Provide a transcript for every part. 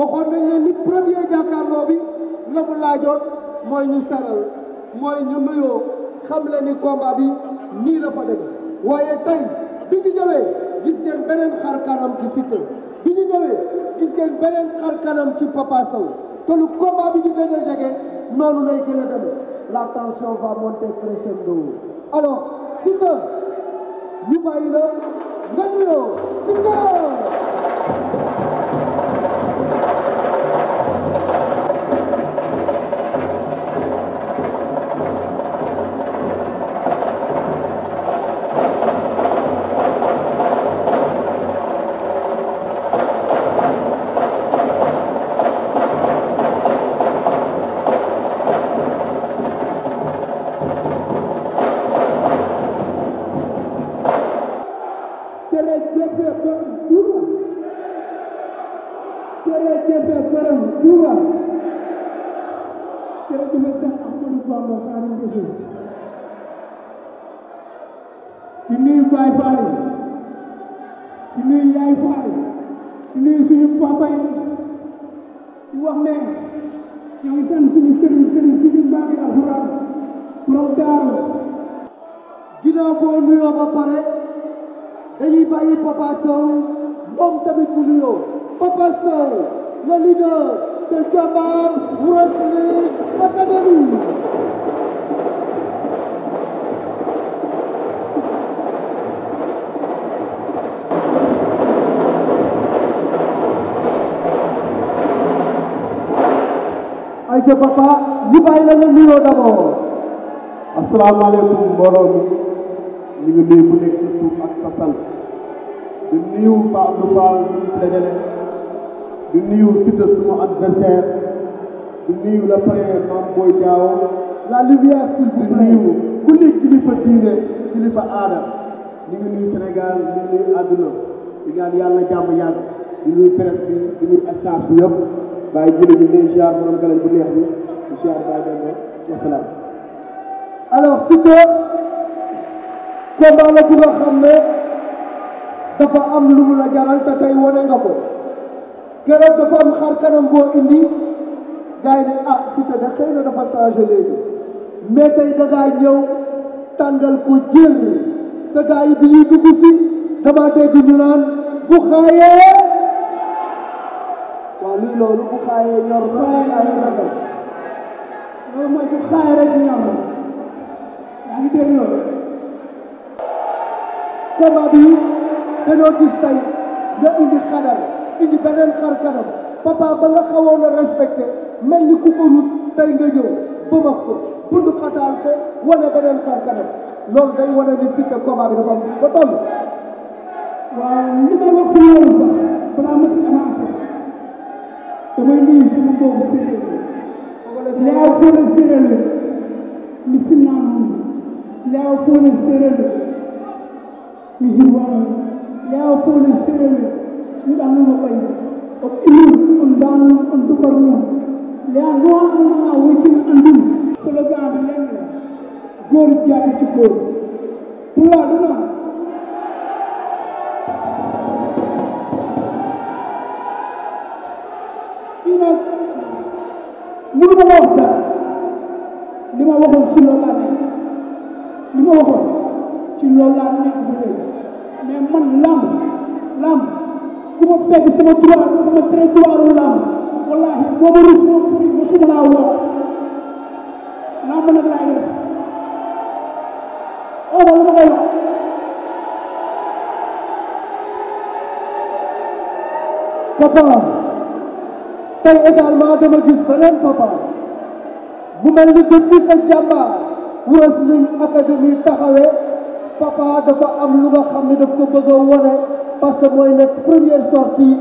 waxoon nañ leen ni premier jàkkaarloo bi la mu laajoon mooy ñu saral mooy ñu nuyoo xam leen ni combat bi nii la fa demee waaye tey bi ñu ñëwee gis ngeen beneen xar kanam ci Siteu bi ñu ñëwee gis ngeen beneen xar kanam ci Papa Sow te lu combat bi ñu gën a jege noonu lay gën a demee la tension va monter crescendo alors Siteu ñu bàyyi la nga nuyoo Siteu jërëjëf borom Touba jërëjëf borom Touba jërëjëf Seex Ahmadu Bamba Xaadimu Rasuul di nuyu Baay Faal di nuyu Yaay Faal di nuyu suñu papa yi di wax ne ñoo ngi sant suñu sëriñ sëriñ si biir Mbàkke alxuraan borom daaru ginnaaw boo nuyoo ba pare dañuy bàyyi Papa Sow moom tamit mu nuyoo Papa Sow le leader de Jambar Wrestling Academy ay ca papa ñu bàyyi la nga nuyoo d'abord asalaamaaleykum mbooloo mi ñu ngi nuyu ku nekk sa tur ak sa di nuyu suma adversaire di nuyu le parrain Mame Boye Diao la lumière s'il vous plaît di kilifa diine kilifa aada ñu ngi nuyu Sénégal ñu ngi nuyu àdduna di yàlla jàmm yàgg di nuyu presse bi di nuyu assistance bi yëpp bàyyi jële ñu nuyu ziar borom galañ bi di ziar bàyyi dem ba wasalaam alors combat la dafa am lu la jaral te tey wane nga ko keroog dafa am xar kanam boo indi gars yi ne ah da xëy dafa changé léegi mais tey da ngaa ñëw tàngal sa gars yi bi ñuy dugg si dama bu xaayee waaw luy bu xaayee ñor bu nagal loolu mooy bu xaayee rek ñor yaa ngi combat bi dañoo gis tey nga indi xadar indi beneen xar kanam papa ba nga xawoon a respecté mel ni ku ko ruus tey nga ñëw bëmax ko bund xataal ko wane beneen xar kanam loolu day wane ni Siteu combat bi dafa am ba toll. waaw li may wax si loolu sax balaa ma si avancé damay nuyu suñu mbokku séeréer yi. laa fóole séeréer la mi sim naa noonu laa fóole séeréer la. mihiwano yaha fole seewe yiɗannuno ɓayi on imin on dannu on dukor mum leya noon umana woytin andum slogan ɓe lenge goori jaaɓe cikkoori pula ɗuɗon kino muɗuma wofda lima waxoon si lollaane lima waxoon ci lollaane lamb lamb ku ma fekk sama droit sama territoire lamb wallahi boo ma rus moom fii mosuma laa woo lamb nag laa ngi def oo ma lu ma koy wax papa tey également dama gis beneen papa bu mel ni depuis que jàmbaar Wrestling Academy taxawee papa dafa am lu nga xam ne daf ko ko a wone parce que mooy nekk première sortie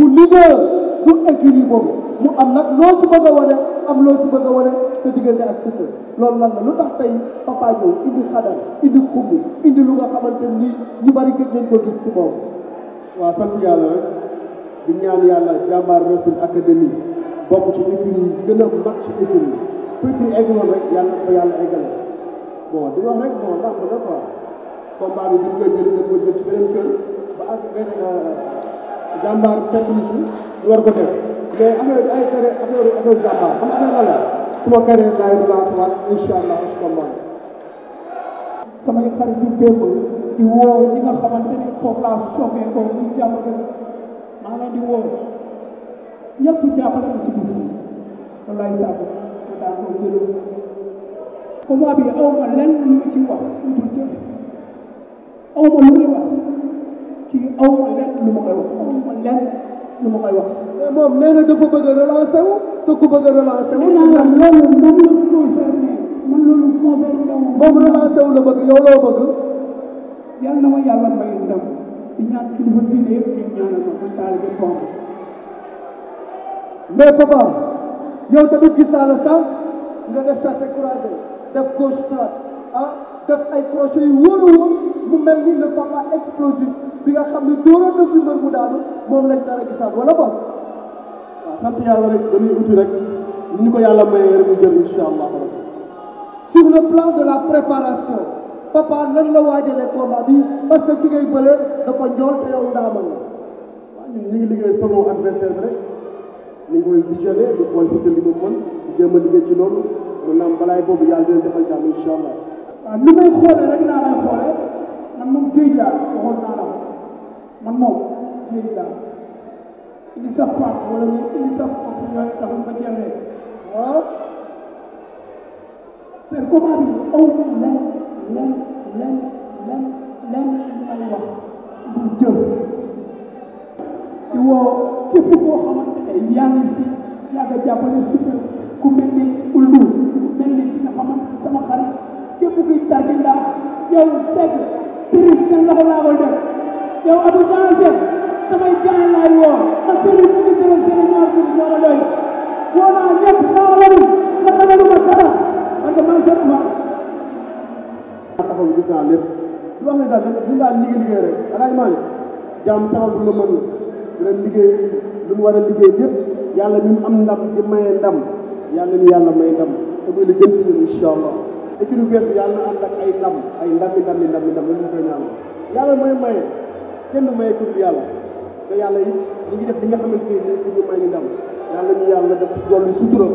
bu leader bu écurie boobu mu am nag loo si bëgg a am loo si bëgg a wone sa diggante ak Siteu loolu lan la lu tax tey papa ñëw indi xadal indi xumb indi lu nga xamante ni ñu bari gëj nañ ko gis ci moom waaw sant yàlla rek di ñaan yàlla jàmbaar Rossine académie bokk ci écurie yi gën a mag ci écurie yi fu écurie eggaloon rek yàlla fa yàlla eggale bon di wax rek bon ndax la quoi combat bi duñ koy euh, na ay carré affaire affaire jàmbaar ci combat bi. samay xarit ni foofu laa sommee saabu ko jëloon sax combat aw ma lenn ci wax lu dul jëf aw lu may wax kii aw ma lu ma koy wax aw lenn lu ma koy wax. mais moom nee dafa bëgg a relancer wu te ku bëgg a relancer wu. naa la loolu moom loolu moom relancer wu la bëgg yow loo bëgg. yal na ma yàlla may ndam di ñaan kilifa diine ma man taalibe koom. mais papa yow tamit gis def sa croisé def gauche def ay crochet yu wóor a wóor mu mel ni le papa explosif bi nga xam ne dóoroon na fi mbër mu daanu moom lañ dara gisaat wala boog waaw sant yàlla rek dañuy uti rek ñu ko yàlla mayee rek ñu jël incha allah sur la préparation papa nan la waajalee combat que ki ngay bële dafa njool te yow ndaamal la waaw ñun ñu ngi liggéey selon adversaire bi rek ñu ngi koy visionné di xool si te li mu mën di liggéey ci loolu mu naam balaay boobu yàlla dina defal jàmm incha allah waaw ni may xoolee rek laa may xoolee man moom géej laa waxoon naa la man moom géej laa indi sa paap wala ñu indi sa paap yooyu taxul ma jeexee waaw mais comment bi aw ma len len len len len li may wax lu jëf di woo képp koo xamante ne yaa ngi si yaa nga jàppale si ku mel ni ullu mel ni ki nga xamante ne sama xarit képp kuy tàggi ndax yow Seck Serif seen loxo laa koy def yow Abou Diansène samay gaañ laay woo ak Serif fukki dërëm seen ñaar naa ñëpp maa ma warul ma tagalu ma dara parce liggéey liggéey rek alaaj maa ne jaam sabab la mën dina liggéey lu mu war a liggéey lépp yàlla mi mu am ndam di maye ndam yàlla ni yàlla may si ñun incha écurie bees bi yàlla na ànd ak ay ndam ay ndami ndami ndami ndam lu ñu koy ñaanal yàlla mooy maye kenn du maye pour yàlla te yàlla it ñu ngi def li nga xamante ni pour ñu may ñu ndam yàlla ñu yàlla def dolli sutura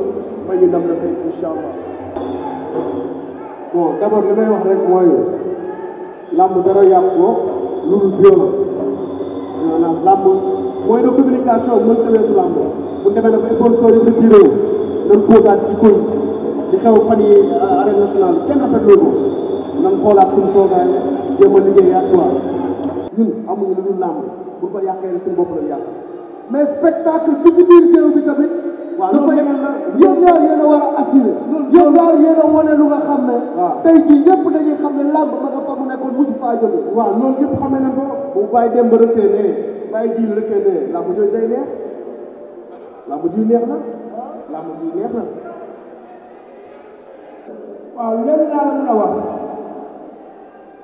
may ñu ndam la fay incha allah bon d' abord li may wax rek mooy làmb dara yàq ko lu dul violence violence làmb mooy de communication mën tawee su làmb bu demee na ba sponsor yi retiré wu dañ fóotaat ci koñ di xew fan yi euh, arène nationale kenn rafetlu ko nan xoolaat suñu toogaay jéem a liggéeyaat quoi ñun amuñu lu dul làmb bu ko yàqee suñu bopp lañ yàq mais spectacle bi ci biir géew bi tamit. waaw loolu yeneen la yéen a a a mu nekkoon mosu faa jóge. waaw loolu ñëpp xamee nañ ko bu bàyyi démb rëkkee nee bàyyi jiw neex làmb jiw neex na làmb neex na. waaw loolu laa la a wax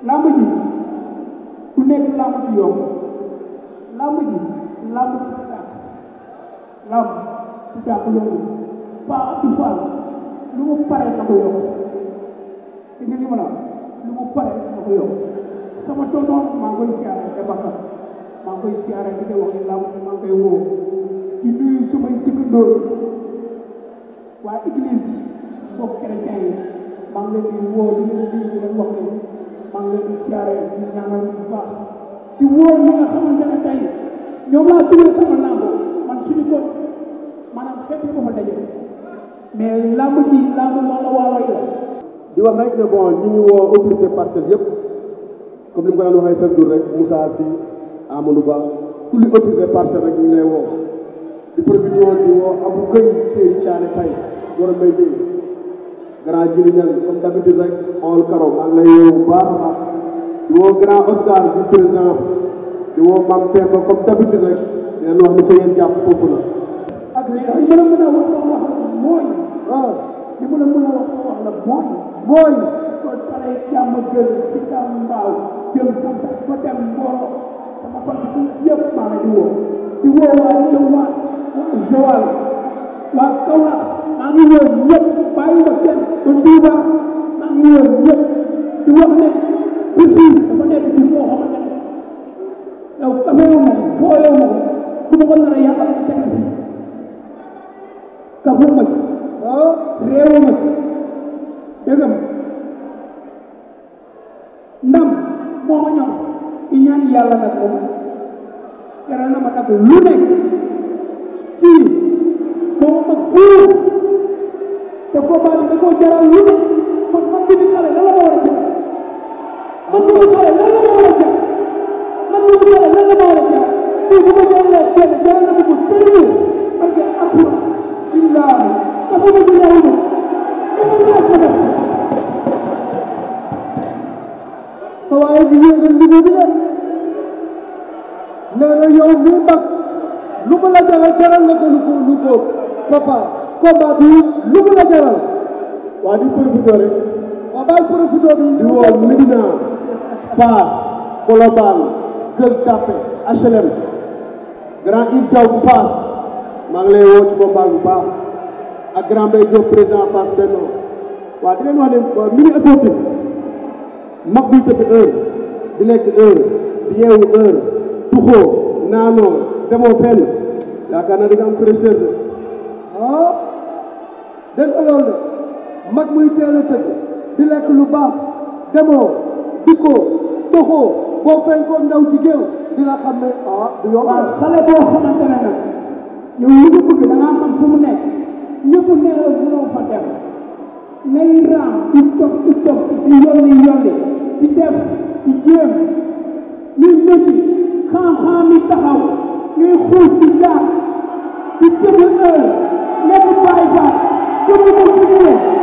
làmb ji du nekk làmb ju yomb làmb ji làmb du dàq làmb du dàq loolu Pa Abdou Fall lu mu pare na ko yokk di nga li ma la lu mu pare na ko yokk sama tonton maa ngi koy siyaare te bakkar maa koy siyaare di ko waxi làmb maa koy woo di nuyu sumay dëkkandoo waa église bi mbokk chrétien yi maa ngi di woo di di leen di siyaare di ñaanal bu baax di woo ñi nga xamante ne tey ñoom laa tuddee sama man suñu ko maanaam xeet yi dafa daje mais làmb ji làmb wala wala yi la di wax rek ne bon ñi ñu woo autorité parcelle yëpp comme li mu ko daan waxee chaque rek Moussa Sy Amadou Ba tous les autorités rek ñu lay woo di profité di woo Abou Gueye Serigne Thiané Faye war a may jëy grand Djily Niang comme d'habitude rek xool karo maa ngi lay yow bu baax a baax di woo grand Oscar leen wax ni fa yéen jàpp foofu ak li ma la mën a wax wax mooy. ma la mën la mooy. mooy. kon tale jàmm si tam jël sam sax fa dem Mboro sama fan si yëpp maa ngi di woo. di woo waa Jowaat waa Joal waa Kaolack maa ngi woo bàyyi ma kenn kon Touba maa ngi wër ñëpp di wax ne bis bi dafa nekk bis boo xamante ne yow kafewu ma ko fooyewu ma ko ku ko nar a na ma ci lu nekk koo jaral lu ne kon man mi di xale lan la ma war a jaral man mi di xale lan la ma war a jaral man mi di xale lan la ma war a jaral tey bu ma jaralee benn jaral na ma ko téeméer parce que akura billaahi dafa ma jëlee wu ma ci dafa ma sa waaye di yéegal liggéey bi nag nee na yow mi mag lu mu la jaral jaral na ko lu ko lu ko papa combat bi lu mu la jaral waaw di profité rek. waaw bàyyi profité bi. di woo Médina Fass Colobane Gueule Tapée HLM grand Yves Diaw bu Fass maa ngi lay woo ci combat bu baax ak grand Mbaye Diop président Fass Benno waaw di leen wax ne mini sportif mag buy tëdd heure di lekk heure di yeewu heure tuxoo naanoo demoo fenn yaakaar di nga am fraîcheur de ah dégg nga de mag muy teel a lu baax demoo dikkoo toxoo boo fenkoo ndaw ci géew dina xam ne ah xale boo xamante ne nag yow li nga bëgg da xam fu mu nekk ñëpp nee la mënoo fa dem nay raam di toog di di def di jéem ñu métti xam-xam yi taxaw ngay xuus di jaar di tëdd heure lekk bàyyi fa jëmu ko fixé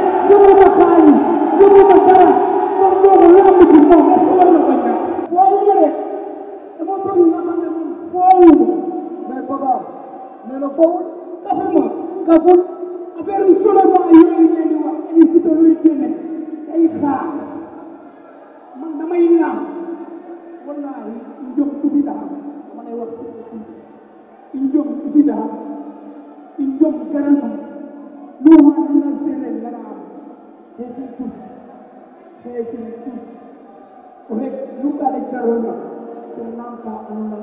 fowul kafuma kaful affaire yu solo do ay yooyu ngeen di wax ay sita luy génne man damay naam wallaahi njom isi daa dama lay wax si njom isi daa njom garama luuxaan na séeréer garaam heefin tus heefin tus o hek lukaale carol na te naam kaa anona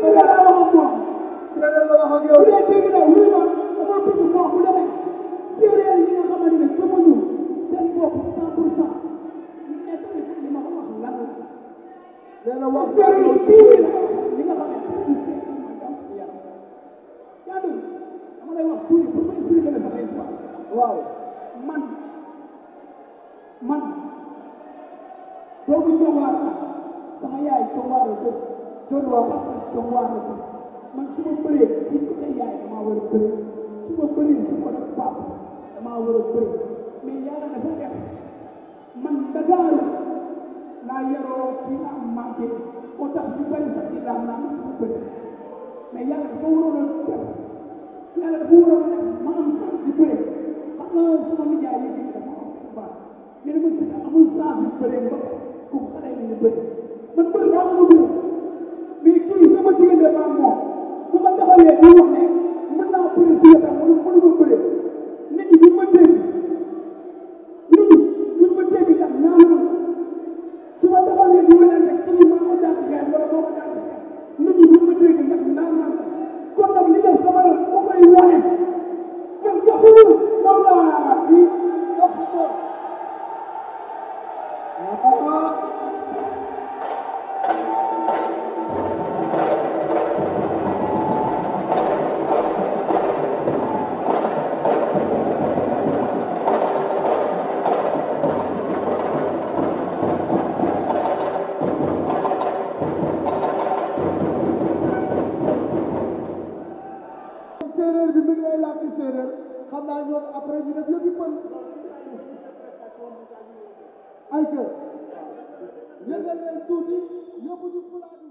dara amoon ak moom. séeréer wax ak ma dama moo bu demee séeréer yi nga xamante ne gëmuñu seen bopp cent pour cent ñu nekk li ma ko wax lan la. wax séeréer yi bii li nga xamante ne bii séeréer yi mooy daw si yàlla. jaadu dama lay wax tuuti pour ma expliquer la sama histoire. waaw man man doomu Jowaar sama yaay Jowaar la dëkk. joor waa man joor waa man man su ma si côté yaay a bëree su ma bëree si côté papa damaa war a bëree mais yàlla dafa def man Dakar laa yaroo fii laa màggee moo tax ñu laam naa si ma bëree mais yàlla a def yàlla dafa waroon a def ma am si bëree xam nga sama nijaay yi dafa am baax mais dama si amul sens si man bëri laa ko bëri ayca yëgal leen tuuti yóbbu ñu fulaadu